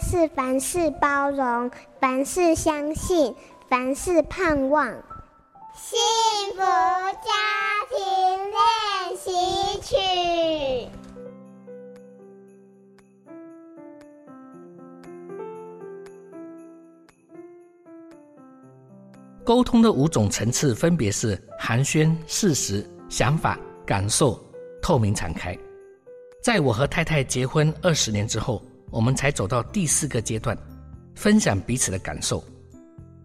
是凡事包容，凡事相信，凡事盼望。幸福家庭練習曲。溝通的五種層次分別是：寒暄、事實、想法、感受、透明敞開。在我和太太結婚二十年之後。我們才走到第四個階段，分享彼此的感受，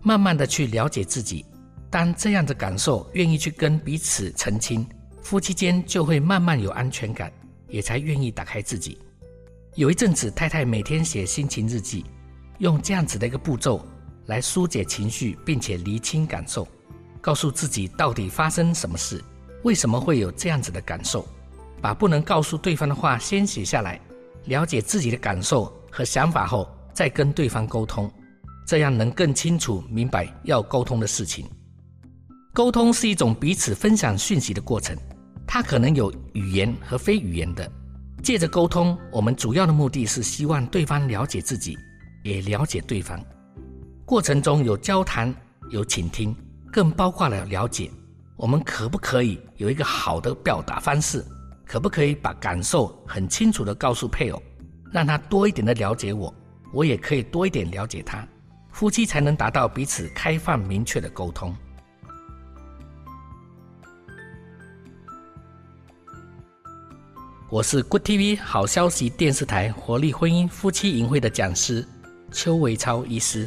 慢慢的去了解自己。當這樣的感受願意去跟彼此澄清，夫妻間就會慢慢有安全感，也才願意打開自己。有一陣子，太太每天寫心情日記，用這樣子的一個步驟來疏解情緒，並且釐清感受，告訴自己到底發生什麼事，為什麼會有這樣子的感受，把不能告訴對方的話先寫下來。了解自己的感受和想法後，再跟對方溝通，這樣能更清楚明白要溝通的事情。溝通是一種彼此分享訊息的過程，它可能有語言和非語言的。借着溝通，我們主要的目的是希望對方了解自己，也了解對方。過程中有交談，有傾聽，更包括了了解。我們可不可以有一個好的表達方式？可不可以把感受很清楚的告訴配偶，讓他多一點的了解我，我也可以多一點了解他，夫妻才能達到彼此開放、明確的溝通。我是 Good TV 好消息電視台活力婚姻夫妻營會的講師邱維超醫師。